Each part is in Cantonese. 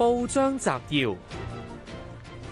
報章摘要：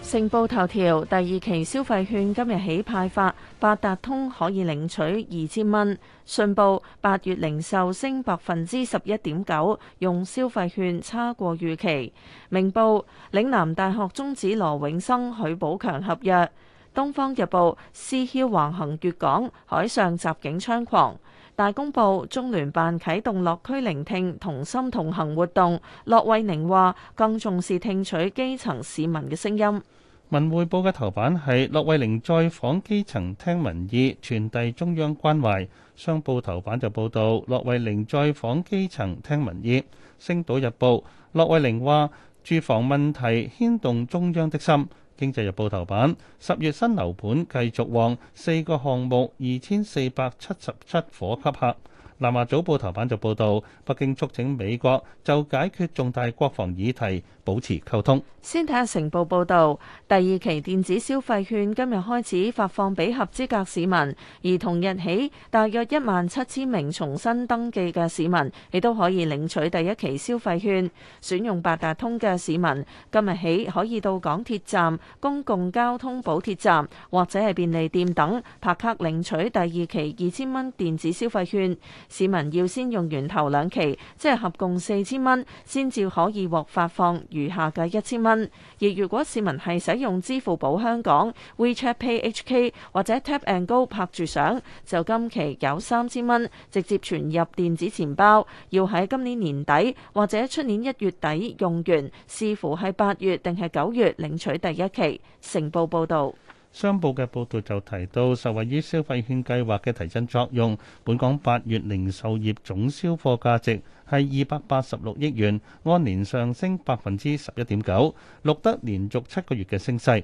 成報頭條，第二期消費券今日起派發，八達通可以領取二千蚊。信報，八月零售升百分之十一點九，用消費券差過預期。明報，嶺南大學終止羅永生、許寶強合約。東方日報，私梟橫行粵港澳，海上襲警猖狂。大公報，中聯辦啟動落區聆聽同心同行活動。駱惠寧話更重視聽取基層市民嘅聲音。文匯報嘅頭版係駱惠寧再訪基層聽民意，傳遞中央關懷。商報頭版就報道駱惠寧再訪基層聽民意。星島日報，駱惠寧話住房問題牽動中央的心。經濟日報頭版：十月新樓盤繼續旺，四個項目二千四百七十七伙吸客。南華早報頭版就報道，北京促請美國就解決重大國防議題保持溝通。先睇下成報報導，第二期電子消費券今日開始發放俾合資格市民，而同日起，大約一萬七千名重新登記嘅市民亦都可以領取第一期消費券。選用八達通嘅市民今日起可以到港鐵站、公共交通補貼站或者係便利店等拍卡領取第二期二千蚊電子消費券。市民要先用完頭兩期，即係合共四千蚊，先至可以獲發放餘下嘅一千蚊。而如果市民係使用支付寶香港、WeChat Pay HK 或者 Tap and Go 拍住賞，就今期有三千蚊直接存入電子錢包，要喺今年年底或者出年一月底用完，視乎係八月定係九月領取第一期。成報報道。商報嘅報導就提到，受惠於消費券計劃嘅提振作用，本港八月零售業總銷貨價值係二百八十六億元，按年上升百分之十一點九，錄得連續七個月嘅升勢。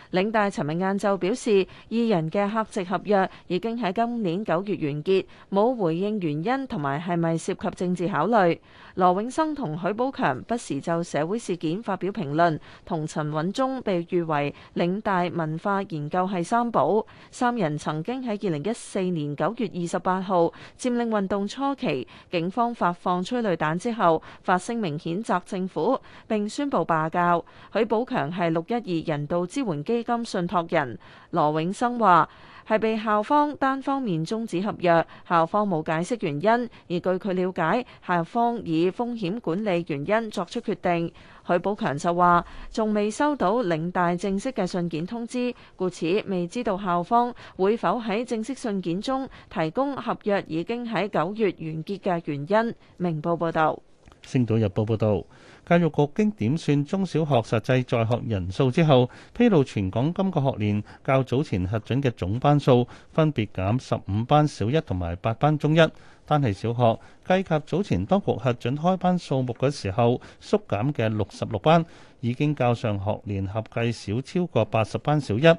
嶺大尋日晏晝表示，二人嘅客席合約已經喺今年九月完結，冇回應原因同埋係咪涉及政治考慮。羅永生同許寶強不時就社會事件發表評論，同陳允中被譽為嶺大文化研究系三寶。三人曾經喺二零一四年九月二十八號佔領運動初期，警方發放催淚彈之後，發聲明譴責政府並宣佈罷教。許寶強係六一二人道支援機基金信託人羅永生話係被校方單方面終止合約，校方冇解釋原因。而據佢了解，校方以風險管理原因作出決定。許寶強就話仲未收到領大正式嘅信件通知，故此未知道校方會否喺正式信件中提供合約已經喺九月完結嘅原因。明報報道。星島日報報道，教育局經點算中小學實際在學人數之後，披露全港今個學年較早前核准嘅總班數，分別減十五班小一，同埋八班中一。單係小學計及早前當局核准開班數目嘅時候，縮減嘅六十六班，已經較上學年合計少超過八十班小一。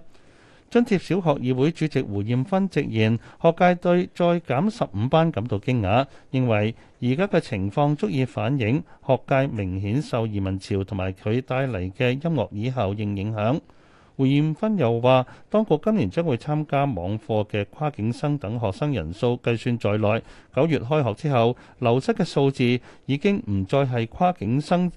津貼小學議會主席胡艷芬直言，學界對再減十五班感到驚訝，認為而家嘅情況足以反映學界明顯受移民潮同埋佢帶嚟嘅音樂以效應影響。胡艷芬又話，當局今年將會參加網課嘅跨境生等學生人數計算在內，九月開學之後流失嘅數字已經唔再係跨境生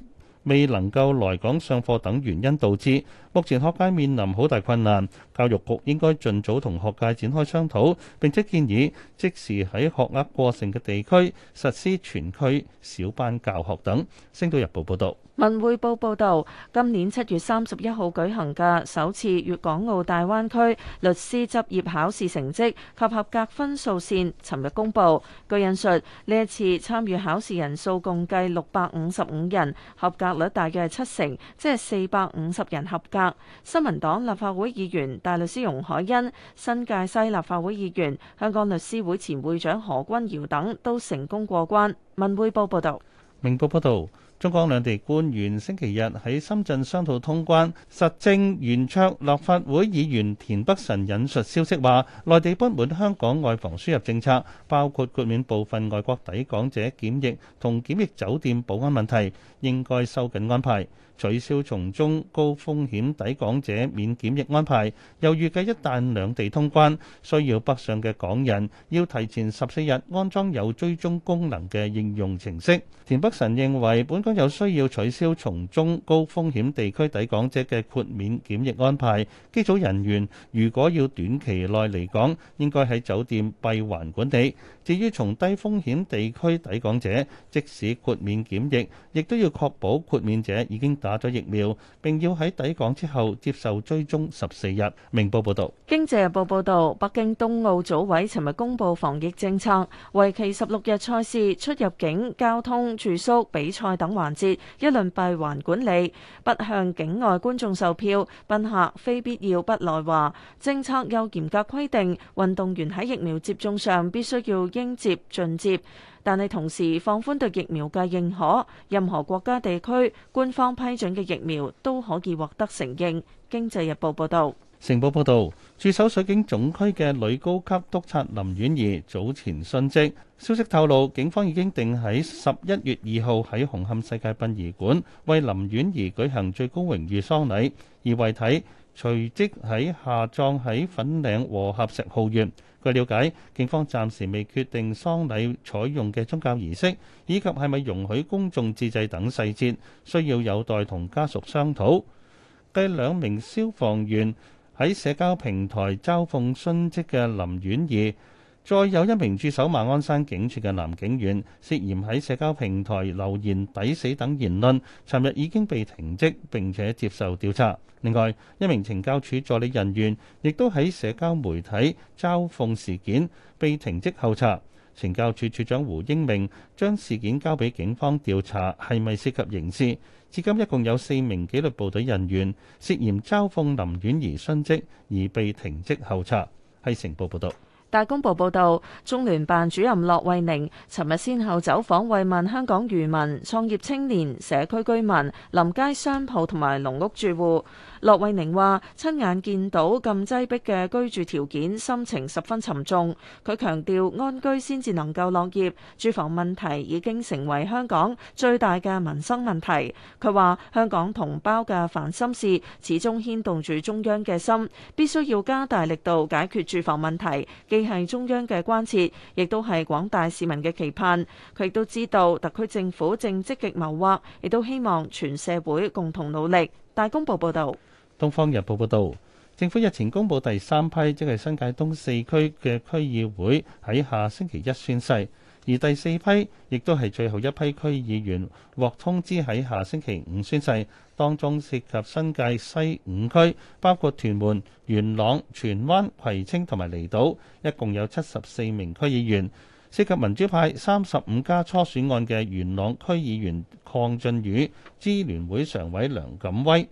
未能夠來港上課等原因導致。目前學界面臨好大困難，教育局應該盡早同學界展開商討，並且建議即時喺學額過剩嘅地區實施全區小班教學等。星島日報報道：「文匯報報道，今年七月三十一號舉行嘅首次粵港澳大灣區律師執業考試成績及合格分數線，尋日公佈。據引述，呢一次參與考試人數共計六百五十五人，合格率大約係七成，即係四百五十人合格。新民黨立法會議員、大律師容海恩、新界西立法會議員、香港律師會前會長何君堯等都成功過關。文匯報報道，明報報道。中港兩地官員星期日喺深圳商討通關，實政圓桌立法會議員田北辰引述消息話，內地不滿香港外防輸入政策，包括豁免部分外國抵港者檢疫同檢疫酒店保安問題，應該收緊安排，取消從中高風險抵港者免檢疫安排。又預計一旦兩地通關，需要北上嘅港人要提前十四日安裝有追蹤功能嘅應用程式。田北辰認為本將有需要取消從中高風險地區抵港者嘅豁免檢疫安排。機組人員如果要短期內離港，應該喺酒店閉環管理。至於從低風險地區抵港者，即使豁免檢疫，亦都要確保豁免者已經打咗疫苗，並要喺抵港之後接受追蹤十四日。明報報道。經濟日報報道，北京冬奧組委尋日公布防疫政策，為期十六日賽事出入境、交通、住宿、比賽等。環節一輪閉環管理，不向境外觀眾售票，賓客非必要不來華。政策又嚴格規定，運動員喺疫苗接種上必須要應接盡接，但係同時放寬對疫苗嘅認可，任何國家地區官方批准嘅疫苗都可以獲得承認。經濟日報報道。成報報道，駐守水警總區嘅女高級督察林婉儀早前殉職。消息透露，警方已經定喺十一月二號喺紅磡世界殯儀館為林婉儀舉行最高榮譽喪禮，而遺體隨即喺下葬喺粉嶺和合石浩園。據瞭解，警方暫時未決定喪禮採用嘅宗教儀式，以及係咪容許公眾致祭等細節，需要有待同家屬商討。計兩名消防員。喺社交平台嘲諷殉職嘅林婉儀，再有一名駐守馬鞍山警署嘅男警員，涉嫌喺社交平台留言抵死等言論，尋日已經被停職並且接受調查。另外，一名懲教署助理人員亦都喺社交媒體嘲諷事件，被停職候查。懲教署署長胡英明將事件交俾警方調查，係咪涉及刑事？至今一共有四名紀律部隊人員涉嫌嘲諷林婉儀殉職而被停職後查，係成報報道。大公報報道，中聯辦主任駱惠寧尋日先後走訪慰問香港漁民、創業青年、社區居民、臨街商鋪同埋農屋住戶。駱惠寧話：親眼見到咁擠迫嘅居住條件，心情十分沉重。佢強調，安居先至能夠樂業，住房問題已經成為香港最大嘅民生問題。佢話：香港同胞嘅煩心事，始終牽動住中央嘅心，必須要加大力度解決住,住房問題。係中央嘅關切，亦都係廣大市民嘅期盼。佢亦都知道，特區政府正積極謀劃，亦都希望全社會共同努力。大公報報道，東方日報報道，政府日前公布第三批，即係新界東四區嘅區議會喺下星期一宣誓。而第四批亦都係最後一批區議員獲通知喺下星期五宣誓，當中涉及新界西五區，包括屯門、元朗、荃灣、葵青同埋離島，一共有七十四名區議員，涉及民主派三十五家初選案嘅元朗區議員鄺俊宇、支聯會常委梁錦威。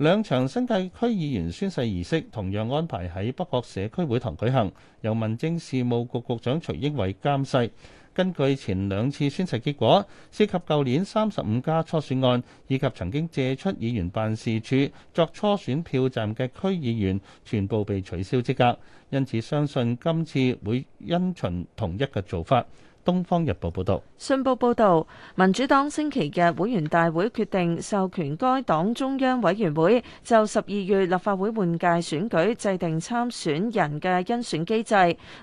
兩場新界區議員宣誓儀式同樣安排喺北角社區會堂舉行，由民政事務局局長徐英偉監誓。根據前兩次宣誓結果，涉及舊年三十五家初選案，以及曾經借出議員辦事處作初選票站嘅區議員，全部被取消資格，因此相信今次會因循同一嘅做法。《東方日報》報導。《信報》報導，民主黨星期日會員大會決定授權該黨中央委員會就十二月立法會換屆選舉制定參選人嘅甄選機制。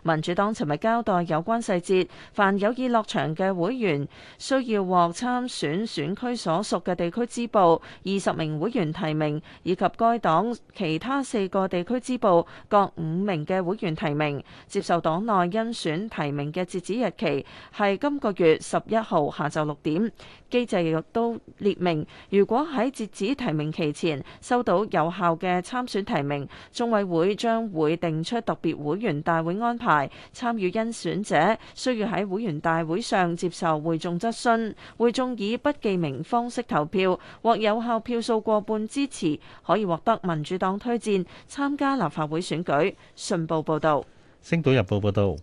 民主黨尋日交代有關細節，凡有意落場嘅會員需要獲參選選區所屬嘅地區支部二十名會員提名，以及該黨其他四個地區支部各五名嘅會員提名，接受黨內甄選提名嘅截止日期係今個月十一號下晝六點，機制亦都列明，如果喺截止提名期前收到有效嘅參選提名，中委會將會定出特別會員大會安排。參與甄選者需要喺會員大會上接受會眾質詢，會眾以不記名方式投票，獲有效票數過半支持，可以獲得民主黨推薦參加立法會選舉。信報報道。《星島日報》報導。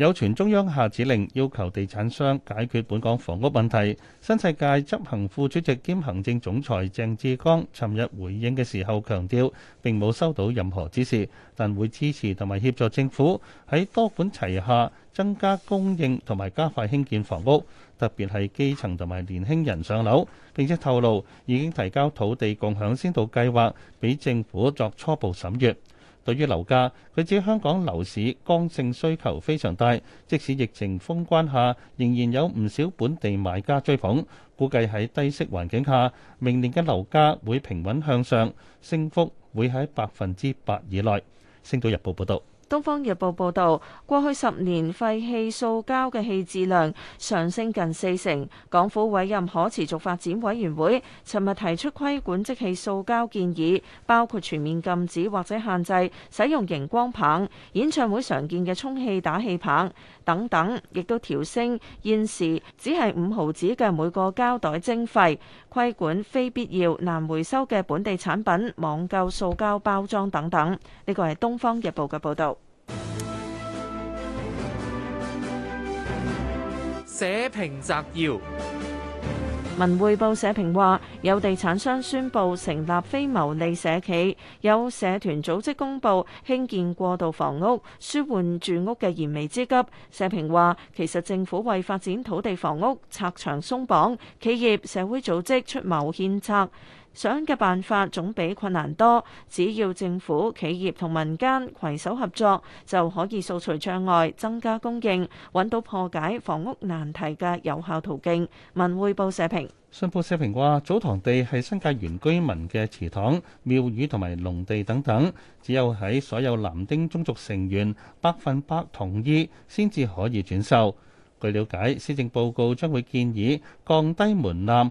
有傳中央下指令要求地產商解決本港房屋問題，新世界執行副主席兼行政總裁鄭志剛尋日回應嘅時候強調，並冇收到任何指示，但會支持同埋協助政府喺多管齊下增加供應同埋加快興建房屋，特別係基層同埋年輕人上樓。並且透露已經提交土地共享先導計劃畀政府作初步審閱。對於樓價，佢指香港樓市剛性需求非常大，即使疫情封關下，仍然有唔少本地買家追捧。估計喺低息環境下，明年嘅樓價會平穩向上，升幅會喺百分之八以內。星島日報報道。《東方日報》報道，過去十年廢棄塑膠嘅棄置量上升近四成。港府委任可持續發展委員會，尋日提出規管即棄塑膠建議，包括全面禁止或者限制使用熒光棒、演唱會常見嘅充氣打氣棒等等，亦都調升現時只係五毫紙嘅每個膠袋徵費，規管非必要難回收嘅本地產品、網購塑膠包裝等等。呢個係《東方日報》嘅報道。社評摘要：文匯報社評話，有地產商宣布成立非牟利社企，有社團組織公布興建過渡房屋，舒緩住屋嘅燃眉之急。社評話，其實政府為發展土地房屋，拆牆鬆綁，企業、社會組織出謀獻策。想嘅辦法總比困難多，只要政府、企業同民間攜手合作，就可以掃除障礙，增加供應，揾到破解房屋難題嘅有效途徑。文匯報社評。信報社評話，祖堂地係新界原居民嘅祠堂、廟宇同埋農地等等，只有喺所有男丁宗族成員百分百同意，先至可以轉售。據瞭解，施政報告將會建議降低門檻。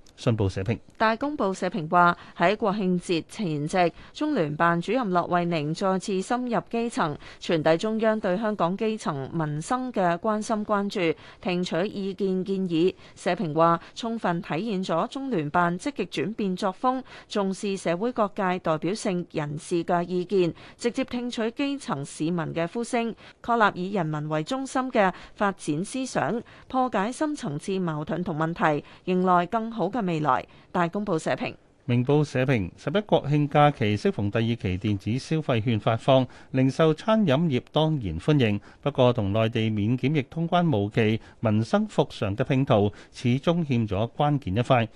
新社評大公報社評話，喺國慶節前夕，中聯辦主任駱惠寧再次深入基層，傳遞中央對香港基層民生嘅關心關注，聽取意見建議。社評話，充分體現咗中聯辦積極轉變作風，重視社會各界代表性人士嘅意見，直接聽取基層市民嘅呼聲，確立以人民為中心嘅發展思想，破解深層次矛盾同問題，迎來更好嘅。未來。大公報社評。明報社評，十一國慶假期適逢第二期電子消費券發放，零售餐飲業當然歡迎。不過，同內地免檢疫通關無期，民生復常嘅拼圖始終欠咗關鍵一塊。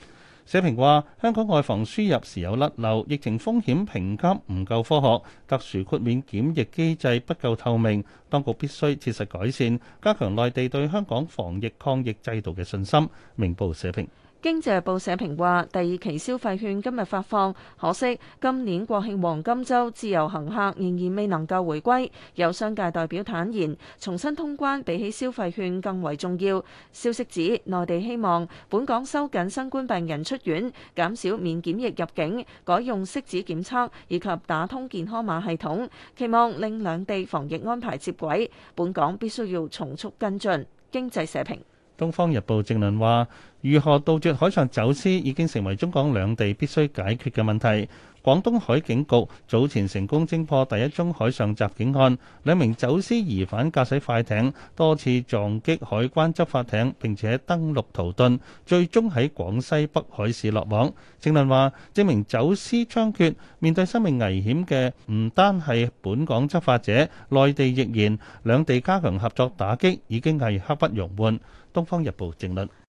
社評話：香港外防輸入時有甩漏，疫情風險評級唔夠科學，特殊豁免檢疫機制不夠透明，當局必須切實改善，加強內地對香港防疫抗疫制度嘅信心。明報社評。經濟日報社評話：第二期消費券今日發放，可惜今年國慶黃金周自由行客仍然未能夠回歸。有商界代表坦言，重新通關比起消費券更為重要。消息指，內地希望本港收緊新冠病人出院，減少免檢疫入境，改用試紙檢測，以及打通健康碼系統，期望令兩地防疫安排接軌。本港必須要從速跟進。經濟社評。《東方日報》正論話：如何杜絕海上走私已經成為中港兩地必須解決嘅問題。廣東海警局早前成功偵破第一宗海上襲警案，兩名走私疑犯駕駛快艇多次撞擊海關執法艇，並且登陸逃遁，最終喺廣西北海市落網。正論話：證明走私猖獗，面對生命危險嘅唔單係本港執法者，內地亦然。兩地加強合作打擊已經係刻不容緩。東方日報評論。